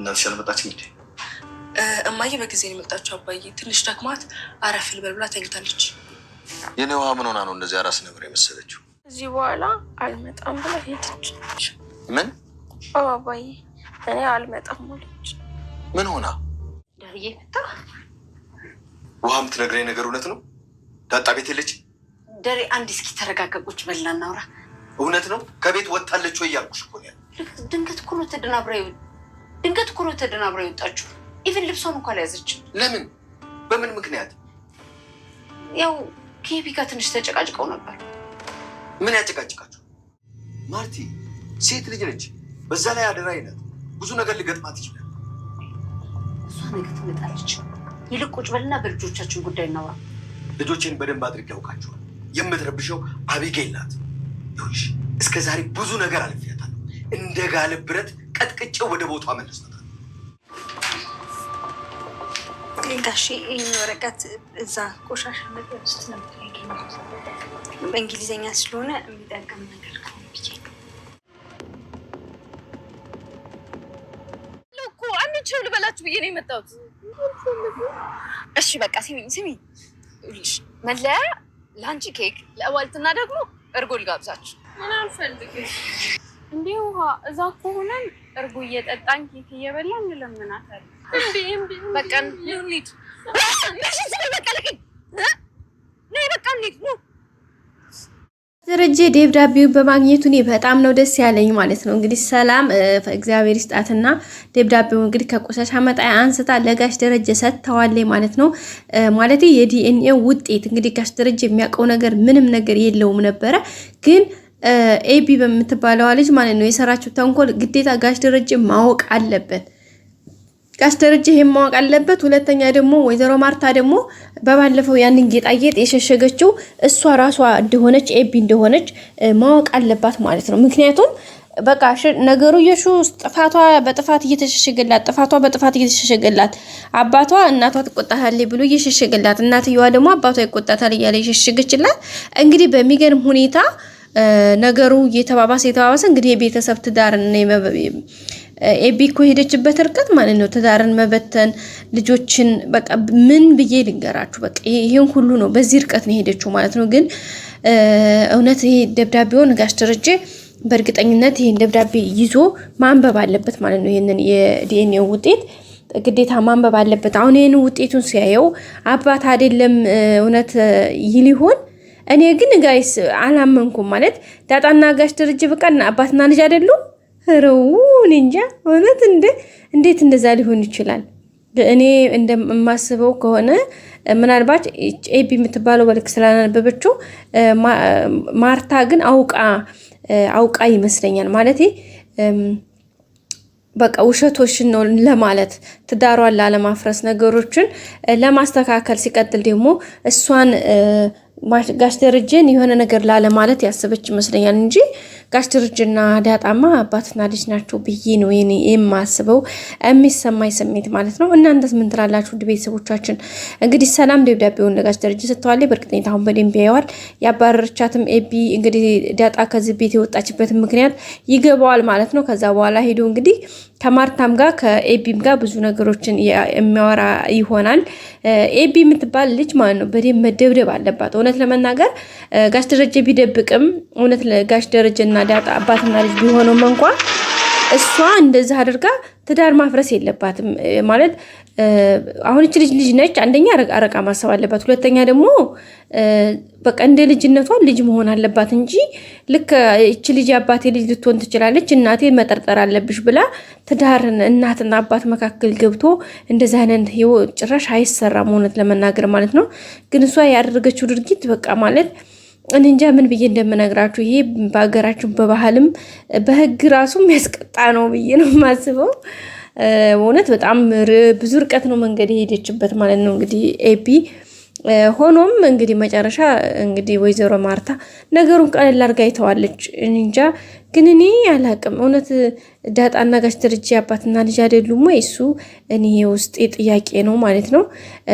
እናትሽ አልመጣችም እንዴ? እማዬ በጊዜ ነው የመጣችው። አባዬ ትንሽ ደክማት አረፍ ልበል ብላ ተኝታለች። የኔ ውሃ ምን ሆና ነው እንደዚህ አራስ ነብር የመሰለችው? እዚህ በኋላ አልመጣም ብላ ሄደች። ምን? አዎ አባዬ፣ እኔ አልመጣም አለች። ምን ሆና? ዳርዬ መጣ። ውሃ የምትነግረኝ ነገር እውነት ነው? ዳጣ ቤት የለች? ደሬ አንድ እስኪ ተረጋገቆች በላ እናውራ። እውነት ነው ከቤት ወጥታለች ወይ እያልኩሽ እኮ ነው ድንገት እኮ ነው ተደናብራ ድንገት ኩሮ ተደናብሮ ይወጣችሁ ኢቨን ልብሷን እንኳ አልያዘችም። ለምን? በምን ምክንያት? ያው ኬቢ ጋር ትንሽ ተጨቃጭቀው ነበር። ምን ያጨቃጭቃችሁ? ማርቲ ሴት ልጅ ነች። በዛ ላይ አደራ አይነት ብዙ ነገር ሊገጥማት ይችላል። እሷ ነገ ትመጣለች። ይልቅ ቁጭ በልና በልጆቻችን ጉዳይ እናውራ። ልጆቼን በደንብ አድርግ ያውቃቸዋል። የምትረብሸው አቢጌል ናት። ይሁንሽ፣ እስከ ዛሬ ብዙ ነገር አልፍያታለሁ። እንደ ጋለ ብረት ቀጥቅጬ ወደ ቦቷ መለስበታል። ጋሽ ወረቀት እዛ ቆሻሻ ነገር ውስጥ ነበር በእንግሊዝኛ ስለሆነ የሚጠቀም ነገር አንችም ልበላችሁ ብዬ ነው የመጣሁት። እሺ በቃ ስሚኝ ስሚኝ፣ መለያ ለአንቺ ኬክ፣ ለእዋልትና ደግሞ እርጎ ልጋብዛችሁ። ምን አልፈልግም እንዴ ውሃ እዛ ከሆነን እርጎ እየጠጣን ኬክ እየበላ እንለምናታለን። እንዴ እንዴ በቃ ደረጀ ደብዳቤውን በማግኘቱ እኔ በጣም ነው ደስ ያለኝ ማለት ነው። እንግዲህ ሰላም እግዚአብሔር ይስጣትና ደብዳቤው እንግዲህ ከቆሻሻ መጣያ አንስታ ለጋሽ ደረጀ ሰጥተዋለች ማለት ነው። ማለት የዲኤንኤ ውጤት እንግዲህ ጋሽ ደረጀ የሚያውቀው ነገር ምንም ነገር የለውም ነበረ ግን ኤቢ በምትባለዋ ልጅ ማለት ነው የሰራችው ተንኮል ግዴታ ጋሽ ደረጀ ማወቅ አለበት። ጋሽ ደረጀ ይሄን ማወቅ አለበት። ሁለተኛ ደግሞ ወይዘሮ ማርታ ደግሞ በባለፈው ያንን ጌጣጌጥ የሸሸገችው እሷ ራሷ እንደሆነች ኤቢ እንደሆነች ማወቅ አለባት ማለት ነው። ምክንያቱም በቃ ነገሩ የሹ ጥፋቷ በጥፋት እየተሸሸገላት ጥፋቷ በጥፋት እየተሸሸገላት አባቷ እናቷ ትቆጣታል ብሎ እየሸሸገላት እናትየዋ ደግሞ አባቷ ይቆጣታል እያለ የሸሸገችላት እንግዲህ በሚገርም ሁኔታ ነገሩ እየተባባሰ እየተባባሰ እንግዲህ የቤተሰብ ትዳርን ኤቢ እኮ የሄደችበት እርቀት ማለት ነው ትዳርን መበተን ልጆችን በቃ ምን ብዬ ልንገራችሁ። በቃ ይህን ሁሉ ነው በዚህ እርቀት ነው የሄደችው ማለት ነው። ግን እውነት ይሄ ደብዳቤውን ጋሽ ደረጀ በእርግጠኝነት ይህን ደብዳቤ ይዞ ማንበብ አለበት ማለት ነው። ይህንን የዲኤንኤ ውጤት ግዴታ ማንበብ አለበት። አሁን ይህን ውጤቱን ሲያየው አባት አይደለም እውነት ይህ ሊሆን እኔ ግን ጋይስ አላመንኩም። ማለት ዳጣና ጋሽ ድርጅ በቃ አባትና ልጅ አይደሉም? ረው እንጃ እውነት እንደ እንዴት እንደዛ ሊሆን ይችላል? እኔ እንደማስበው ከሆነ ምናልባት ኤቢ የምትባለው በልክ ስላነበበችው ማርታ ግን አውቃ አውቃ ይመስለኛል ማለት በቃ ውሸቶችን ነው ለማለት ትዳሯን ላለማፍረስ ነገሮችን ለማስተካከል ሲቀጥል ደግሞ እሷን ጋሽ ደረጀን የሆነ ነገር ላለማለት ያሰበች ይመስለኛል እንጂ ጋሽ ደረጀና ዳጣማ አባትና ልጅ ናቸው ብዬ ነው የማስበው፣ የሚሰማኝ ስሜት ማለት ነው። እናንተስ ምን ትላላችሁ? ውድ ቤተሰቦቻችን እንግዲህ ሰላም ደብዳቤውን ለጋሽ ደረጀ ሰጥተዋል። በእርግጠኝነት አሁን በደንብ ያየዋል። ያባረረቻትም ኤቢ እንግዲህ ዳጣ ከዚህ ቤት የወጣችበት ምክንያት ይገባዋል ማለት ነው። ከዛ በኋላ ሄዶ እንግዲህ ከማርታም ጋር ከኤቢም ጋር ብዙ ነገሮችን የሚያወራ ይሆናል። ኤቢ የምትባል ልጅ ማለት ነው በደንብ መደብደብ አለባት። እውነት ለመናገር ጋሽ ደረጀ ቢደብቅም እውነት ጋሽ ደረጀ ደረጀና ዳጣ አባትና ልጅ ቢሆኑም እንኳ እሷ እንደዛ አድርጋ ትዳር ማፍረስ የለባትም ማለት አሁን እች ልጅ ልጅ ነች። አንደኛ አረቃ ማሰብ አለባት፣ ሁለተኛ ደግሞ በቃ እንደ ልጅነቷ ልጅ መሆን አለባት እንጂ ልክ እች ልጅ አባቴ ልጅ ልትሆን ትችላለች፣ እናቴ መጠርጠር አለብሽ ብላ ትዳር እናትና አባት መካከል ገብቶ እንደዚ አይነት ጭራሽ አይሰራም፣ እውነት ለመናገር ማለት ነው። ግን እሷ ያደረገችው ድርጊት በቃ ማለት እንጃ ምን ብዬ እንደምነግራችሁ ይሄ በሀገራችሁ በባህልም በህግ ራሱ የሚያስቀጣ ነው ብዬ ነው የማስበው። እውነት በጣም ብዙ ርቀት ነው መንገድ የሄደችበት ማለት ነው እንግዲህ ኤቢ ሆኖም እንግዲህ መጨረሻ እንግዲህ ወይዘሮ ማርታ ነገሩን ቀለል አድርጋ ይተዋለች። እንጃ ግን እኔ አላቅም እውነት ዳጣና ጋሽ ድርጅ አባትና ልጅ አይደሉም ወይ? እሱ እኔ ውስጥ ጥያቄ ነው ማለት ነው።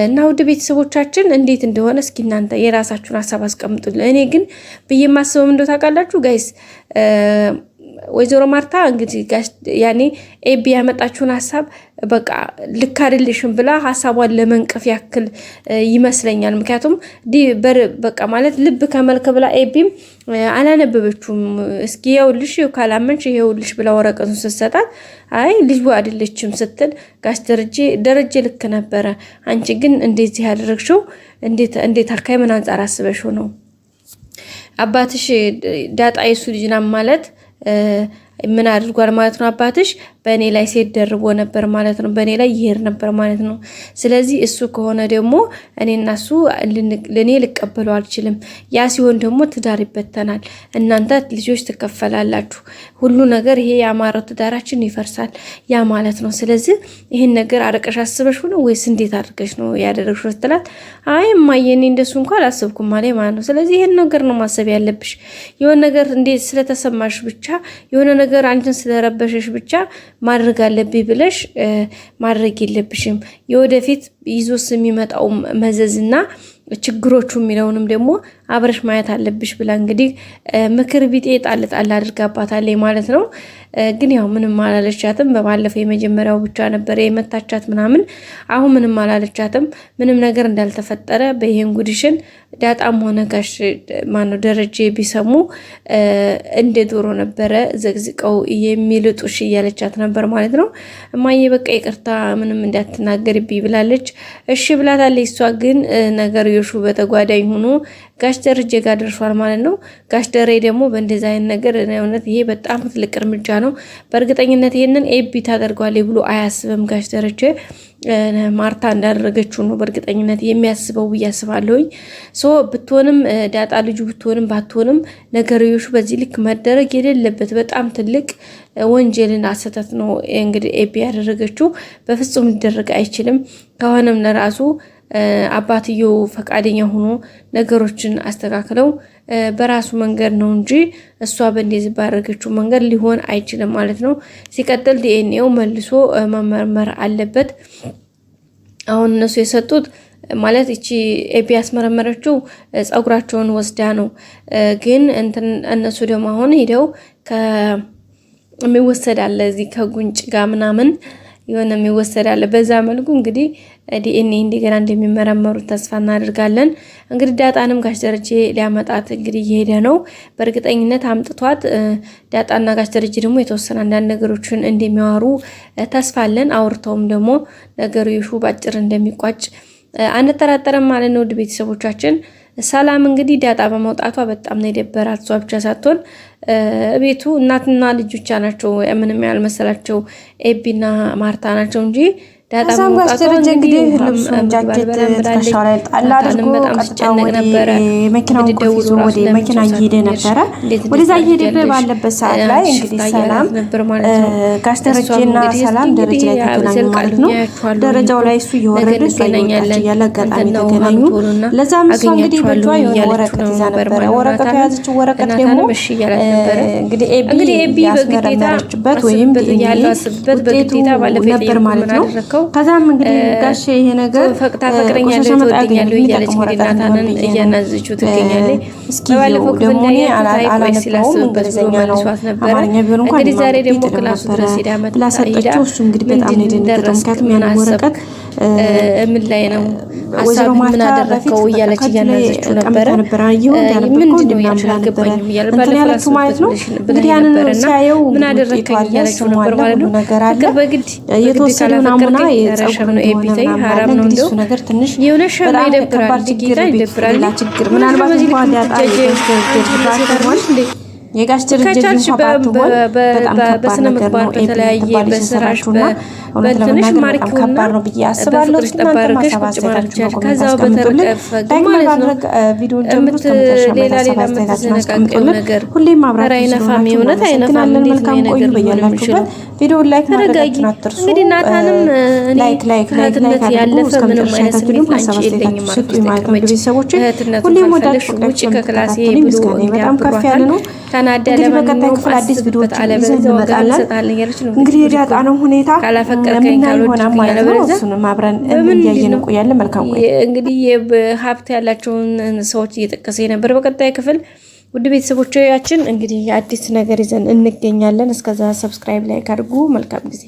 እና ውድ ቤተሰቦቻችን እንዴት እንደሆነ እስኪ እናንተ የራሳችሁን ሀሳብ አስቀምጡልን። እኔ ግን ብዬ የማስበው እንደው ታውቃላችሁ ጋይስ ወይዘሮ ማርታ እንግዲህ ያኔ ኤቢ ያመጣችሁን ሀሳብ በቃ ልክ አይደልሽም ብላ ሀሳቧን ለመንቀፍ ያክል ይመስለኛል። ምክንያቱም በቃ ማለት ልብ ከመልክ ብላ ኤቢም አላነበበችውም። እስኪ ይኸውልሽ ካላመንሽ ይኸውልሽ ብላ ወረቀቱ ስትሰጣት አይ ልጅ አይደለችም ስትል ጋሽ ደረጀ ደረጀ ልክ ነበረ፣ አንቺ ግን እንደዚህ ያደረግሽው እንዴት አካይ ምን አንጻር አስበሽው ነው አባትሽ ዳጣ የሱ ልጅ ማለት 呃。ምን አድርጓል ማለት ነው? አባትሽ በእኔ ላይ ሴት ደርቦ ነበር ማለት ነው። በእኔ ላይ ይሄድ ነበር ማለት ነው። ስለዚህ እሱ ከሆነ ደግሞ እኔና እሱ ለእኔ ልቀበለው አልችልም። ያ ሲሆን ደግሞ ትዳር ይበተናል፣ እናንተ ልጆች ትከፈላላችሁ፣ ሁሉ ነገር ይሄ ያማረው ትዳራችን ይፈርሳል። ያ ማለት ነው። ስለዚህ ይህን ነገር አረቀሽ አስበሽ ሆነ ወይስ እንዴት አድርገሽ ነው ያደረግሽ ስትላት፣ አይ እማዬ እኔ እንደሱ እንኳ አላሰብኩም ማለት ነው። ስለዚህ ይህን ነገር ነው ማሰብ ያለብሽ። የሆነ ነገር እንዴት ስለተሰማሽ ብቻ የሆነ ነገር አንቺን ስለረበሸሽ ብቻ ማድረግ አለብኝ ብለሽ ማድረግ የለብሽም። የወደፊት ይዞስ የሚመጣው መዘዝና ችግሮቹ የሚለውንም ደግሞ አብረሽ ማየት አለብሽ ብላ እንግዲህ ምክር ቢጤ ጣል ጣል አድርጋባታለች ማለት ነው። ግን ያው ምንም አላለቻትም። በባለፈው የመጀመሪያው ብቻ ነበረ የመታቻት ምናምን። አሁን ምንም አላለቻትም። ምንም ነገር እንዳልተፈጠረ በይህን ጉድሽን ዳጣም ሆነ ጋሽ ማነው ደረጀ ቢሰሙ እንደ ዶሮ ነበረ ዘግዝቀው የሚልጡሽ እያለቻት ነበር ማለት ነው። እማዬ በቃ ይቅርታ ምንም እንዳትናገርብኝ ብላለች። እሺ ብላታለች። እሷ ግን የሹ በተጓዳኝ ሆኖ ጋሽ ደረጀ ጋር ደርሷል ማለት ነው። ጋሽ ደሬ ደግሞ በእንደዚህ አይነት ነገር እውነት ይሄ በጣም ትልቅ እርምጃ ነው። በእርግጠኝነት ይህንን ኤቢ ታደርጓል ብሎ አያስብም ጋሽ ደረጀ ማርታ እንዳደረገችው ነው በእርግጠኝነት የሚያስበው ብዬ አስባለሁኝ። ሶ ብትሆንም ዳጣ ልጁ ብትሆንም ባትሆንም ነገርዮሹ በዚህ ልክ መደረግ የሌለበት በጣም ትልቅ ወንጀልን አሰተት ነው እንግዲህ ኤቢ ያደረገችው። በፍጹም ሊደረግ አይችልም። ከሆነም ለራሱ አባትየው ፈቃደኛ ሆኖ ነገሮችን አስተካክለው በራሱ መንገድ ነው እንጂ እሷ በእንደዚህ ባደረገችው መንገድ ሊሆን አይችልም ማለት ነው። ሲቀጥል ዲኤንኤው መልሶ መመርመር አለበት። አሁን እነሱ የሰጡት ማለት እቺ ኤቢ ያስመረመረችው ጸጉራቸውን ወስዳ ነው። ግን እነሱ ደግሞ አሁን ሄደው የሚወሰድ አለ እዚህ ከጉንጭ ጋር ምናምን የሆነ የሚወሰድ አለ። በዛ መልኩ እንግዲህ ዲኤንኤ እንደገና እንደሚመረመሩት ተስፋ እናደርጋለን። እንግዲህ ዳጣንም ጋሽ ደረጀ ሊያመጣት እንግዲህ እየሄደ ነው። በእርግጠኝነት አምጥቷት ዳጣና ጋሽ ደረጀ ደግሞ የተወሰነ አንዳንድ ነገሮችን እንደሚያወሩ ተስፋ አለን። አውርተውም ደግሞ ነገሩ ይሹ ባጭር እንደሚቋጭ አንጠራጠረም ማለት ነው። ውድ ቤተሰቦቻችን ሰላም እንግዲህ ዳጣ በመውጣቷ በጣም ነው የደበራት። እሷ ብቻ ሳትሆን ቤቱ እናትና ልጆቻ ናቸው። ምንም ያልመሰላቸው ኤቢና ማርታ ናቸው እንጂ ከዛም ጋር ስትሄድ እንግዲህ ልብሱን ጃኬት ትከሻው ላይ ጣል አድርጎ ቀጥታ ወደ መኪናውን ኮፍ ይዞ ወደ መኪና እየሄደ ነበረ። ወደዛ እየሄደ ባለበት ሰዓት ላይ እንግዲህ ሰላም ጋሽ ደረጀና ሰላም ደረጃ ላይ ተገናኙ ማለት ነው። ደረጃው ላይ እሱ እየወረደ እሷ እየወጣች እያለ አጋጣሚ ተገናኙ። ለዛም እሷ እንግዲህ በእጇ የሆነ ወረቀት ይዛ ነበረ። ወረቀቱ የያዘችው ወረቀት ደግሞ እንግዲህ ኤቢ ያስመረመረችበት ወይም ውጤቱ ነበር ማለት ነው። አድርገው ከዛም እንግዲህ ጋሼ ይሄ ነገር ፈቅታ ፈቅረኛ ለተወደኛሉ እያለች እንግዲህ ናታንን እያናዘችው ትገኛለች። ባለፈው ክፍል ላይ ታይቆይ ስላስብበት ብሎ መልሷት ነበረ። እንግዲህ ዛሬ ደግሞ ክላሱ ድረስ ሄዳ መጣ። ምንድን ደረስክ? ምን አሰብክ? ምን ላይ ነው ሀሳብ ምን አደረግከው? እያለች እያናዘችው ነበረ። ምንድን ነው ያልሽ? አልገባኝም እያለ ባለፈው ላስብበት ብለሽ ነበረና ምን አደረግከኝ እያለችው ነበር ማለት ነው። ፍቅር በግድ በግድ ናሙና ረሸም ነው ኤፒታይ ሀራም ነው እንደው የሆነ ሸም ይደብራል። ጌታ ይደብራል። ችግር ምናልባት የጋሽ ድርጅት በስነ ምግባር በተለያየ በስራሽ በእንትንሽ ማርኪውና በፍቅርሽ ጠብ ቁጭ ማለት ነው። ከዛ በተረቀ ማለት ነው ሌላ ሌላ የምትዘነቃቀው ነገር ኧረ አይነፋም፣ የእውነት አይነፋም። እንዴት ነው ነገር ሊሆን የሚችለው? ተረጋጊ እንግዲህ ናታንም እህትነት ያለፈ ምንም አይነት ስሜት ላንቺ የለኝም አልኩ ተቀመጭ እህትነቱ ካልፈለግሽ ውጭ ከክላሴ ብሎ እንዲያብሯታል ተናዳ ለማንኛውም አስብበት አለበለዚያ ወገብ ሰጣለኝ እንግዲህ ዳጣ ነው ሁኔታ እንግዲህ ሀብት ያላቸውን ሰዎች እየጠቀሰ ነበር። በቀጣይ ክፍል ውድ ቤተሰቦቻችን እንግዲህ አዲስ ነገር ይዘን እንገኛለን። እስከዛ ሰብስክራይብ ላይ ካድርጉ። መልካም ጊዜ